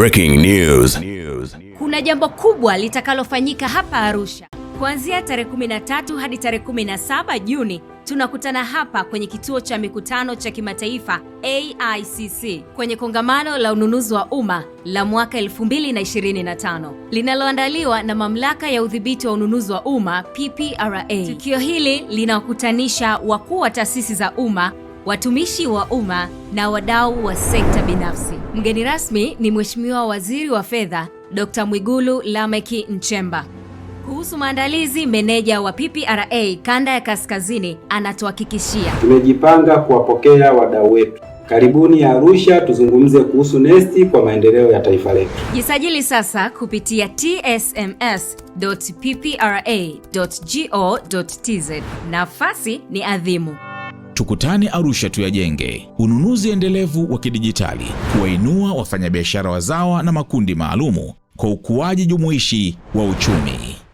Breaking news. Kuna jambo kubwa litakalofanyika hapa Arusha. Kuanzia tarehe 13 hadi tarehe 17 Juni tunakutana hapa kwenye kituo cha mikutano cha kimataifa AICC kwenye kongamano la ununuzi wa umma la mwaka 2025 linaloandaliwa na mamlaka ya udhibiti wa ununuzi wa umma PPRA. Tukio hili linawakutanisha wakuu wa taasisi za umma watumishi wa umma na wadau wa sekta binafsi. Mgeni rasmi ni Mheshimiwa Waziri wa Fedha Dr. Mwigulu Lameki Nchemba. Kuhusu maandalizi, meneja wa PPRA kanda ya Kaskazini anatuhakikishia. Tumejipanga kuwapokea wadau wetu. Karibuni ya Arusha tuzungumze kuhusu NeST kwa maendeleo ya taifa letu. Jisajili sasa kupitia tsms.ppra.go.tz. Nafasi ni adhimu. Tukutane Arusha tuyajenge. Ununuzi endelevu wa kidijitali, kuwainua wafanyabiashara wazawa na makundi maalumu kwa ukuaji jumuishi wa uchumi.